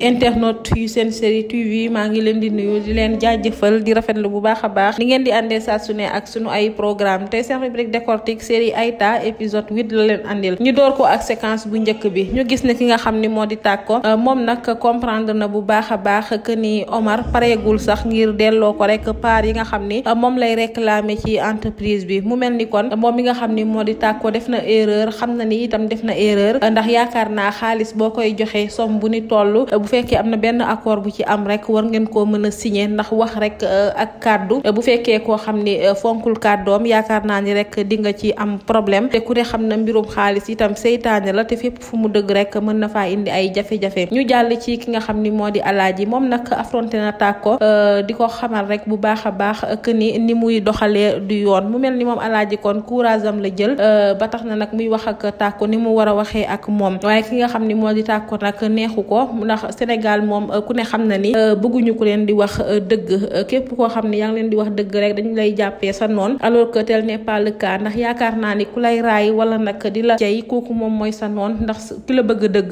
internet yu seen série tv maa ngi leen di nuyu di leen jaajëfal di rafetlu bu baax a baax li ngeen di àndee saa su ak sunu ay programme tey seen rubrique décortique série Aïta épisode huit la leen àndil ñu door ko ak séquence bu njëkk bi ñu gis ne ki nga xam ni moo di tàkko euh, moom nag comprendre na bu baax a baax que ni Omar pareegul sax ngir delloo ko rek part yi nga xam ni euh, moom lay réclamer ci entreprise bi mu mel ni kon moom mi nga xam ni moo di tàkko def na erreur xam na ni itam def na erreur euh, ndax yaakaar naa xaalis boo koy joxe somme bu ni toll bu fekkee am na benn accord bu ci am rek war ngeen koo mën a signer ndax wax rek euh, ak kàddu euh, bu fekkee koo xam ni euh, fonkul kàddoom yaakaar naa ni rek di nga ci am problème te ku ne xam na mbirum xaalis itam seytaane la te fépp fu mu dëgg rek mën na faa indi ay jafe-jafe ñu ci ki nga xam ni moo di alaaji moom nag affronté na tàkko di ko xamal rek bu baax a baax que ni ni muy doxalee du yoon mu mel ni moom alaaji kon courage am la jël ba tax na nag muy wax ak tàkko ni mu war a waxee ak moom waaye ki nga xam ni moo di tàkko nag neexu ko ndax Sénégal moom euh, ku ne xam na ni euh, bëgguñu ku leen di wax euh, dëgg képp koo xam ne yaa ngi leen di wax dëgg rek dañu lay jàppee sa noon alors que tel n'est pas le cas ndax yaakaar naa ni ku lay raay wala nag di la jay kooku moom mooy sa noon ndax la bëgg dëgg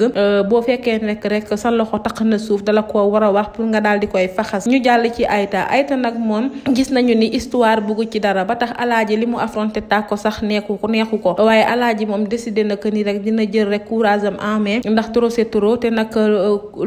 boo fekkee nekk rek sa loxo taq na suuf dala ko war a wax pour nga daal di koy faxas ñu jàll ci Aïta Aïta nag moom gis nañu ni histoire bëggu ci dara ba tax alaaji li mu affronté tàkko sax neeku ko neexu ko waaye alaaji moom décidé na que ni dina jël rek courage am ndax trop c'est trop te nag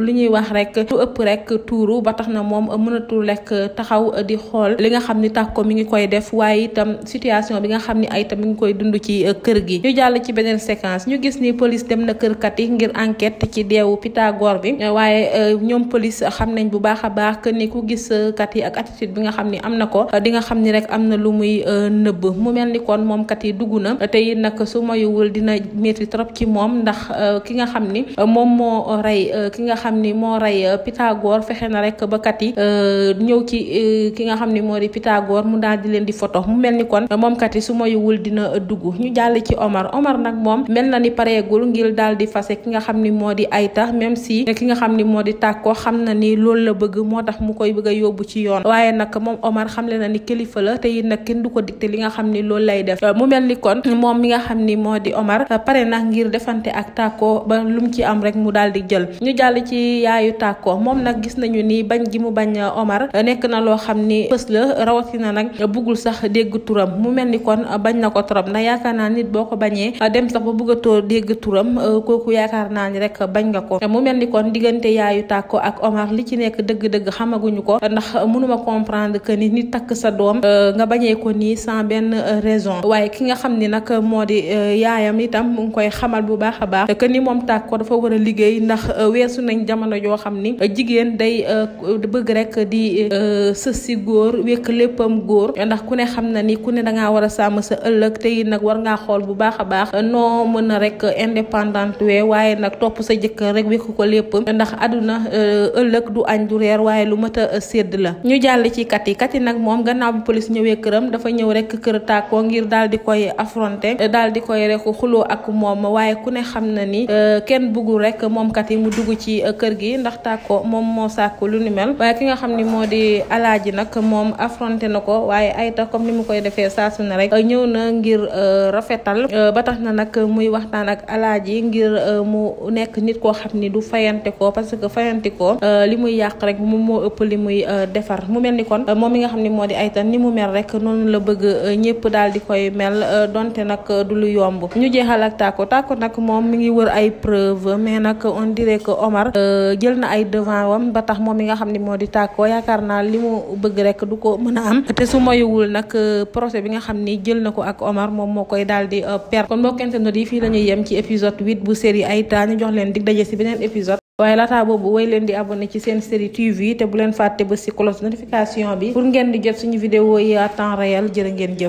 li ñuy wax rek lu ëpp rek tuuru ba tax na moom mënatul rek taxaw di xool li nga xam ni tàkko mi ngi koy def waaye itam situation bi nga xam ni ay tam mi ngi koy dund ci euh, kër gi ñu jàll ci beneen séquence ñu gis ni police dem na kërkat yi ngir enquête ci deewu Pythagore bi euh, waaye euh, ñoom police xam nañ bu baax a baax que ni ku gis kat yi ak attitude bi nga xam ni am na ko di nga xam ni rek am na lu muy nëbb mu mel ni kon moom kat yi dugg na te it nag su mayuwul dina métti trop ci moom ndax ki nga xam ni moom moo rey ki nga xam xam ni moo rey euh, Pythagore fexe na rek ba kat yi euh, ñëw ci euh, ki nga xam ni moo di Pythagore mu daal di leen di photo mu mel ni kon moom kat yi su moyuwul dina dugg ñu jàll ci Omar Omar nag moom mel na ni pareegul ngir daal di fase ki nga xam ni moo di Aïta même si ki nga xam ni moo di tàkko xam na ni loolu la bëgg moo tax mu koy bëgg a yóbbu ci yoon waaye nag moom Omar xamle na ni kilifa la te it kenn du ko dicté li nga xam ni loolu lay def mu mel ni moom mi nga xam ni moo di Omar pare nag ngir defante ak tàkko ba lu mu ci am rek mu daal di jël ñu jàll ci di yaayu tàkkoor moom nag gis nañu nii bañ gi mu bañ euh, Omar euh, nekk na loo xam ni fës la rawatina nag buggul sax dégg turam mu mel ni kon euh, bañ na ko trop ndax yaakaar naa nit boo ko bañee dem sax ba bëggatoo dégg turam kooku yaakaar naa ni rek bañ nga ko mu mel ni kon diggante yaayu tàkko ak Omar li ci nekk dëgg-dëgg xamaguñu ko ndax mënuma comprendre que ni nit takk sa doom nga bañee ko nii sans benn raison waaye ki nga xam ni nag moo di yaayam itam mu ngi koy xamal bu baax a baax que ni moom tàkko dafa war a liggéey ndax weesu nañ jamono joo xam ni euh, jigéen day euh, bëgg rek di euh, sës si góor wékk léppam góor ndax ku ne xam na ni ku ne dangaa war a sàmm sa ëllëg tey nag war ngaa xool bu baax a baax noo mën a rek indépendante we waaye nag topp sa jëkkër rek wékk ko lépp ndax àdduna ëllëg du añ du reer waaye lu mat a sédd la ñu jàll ci kat yi nag moom gannaaw bi police ñëwee këram dafa ñëw rek kër tàkkoo ngir daal di koy affronté daal di koy rek xuloo ak moom waaye ku ne xam na kër gi ndax tàkko moom moo sàkku lu ni mel waaye ki nga xam ni moo di alaaji nag moom affronté na ko waaye Aïda comme ni mu koy defee saa su rek euh, ñëw na ngir euh, rafetal euh, ba tax na nag muy waxtaan ak alaaji ngir mu nekk nit koo xam ni du fayante ko parce que fayante ko li muy yàq rek mu moo ëpp li muy defar mu mel ni kon moom mi nga xam ni moo di aytan ni mu mel rek noonu la bëgg ñëpp daal di koy mel donte nag du lu yomb ñu jeexal ak tàkko tàkko nag moom mi ngi wër ay preuve mais nag on dirait Omar jël na ay devant wam ba tax moom mi nga xam ni moo di tàkkoo yaakaar naa li mu bëgg rek du ko mën a am te su moyuwul nag euh, procès bi nga xam ni jël na ko ak Omar moom moo koy daal di euh, perte kon mbokk internet yi fii la ñuy yem ci épisode huit bu série Aïta ñu jox leen dig daje si beneen épisode waaye laataa boobu woy leen di abonné ci seen série TV te bu leen fàtte ba si cloche notification bi pour ngeen di jot suñu vidéo yi à temps réel jërë ngeen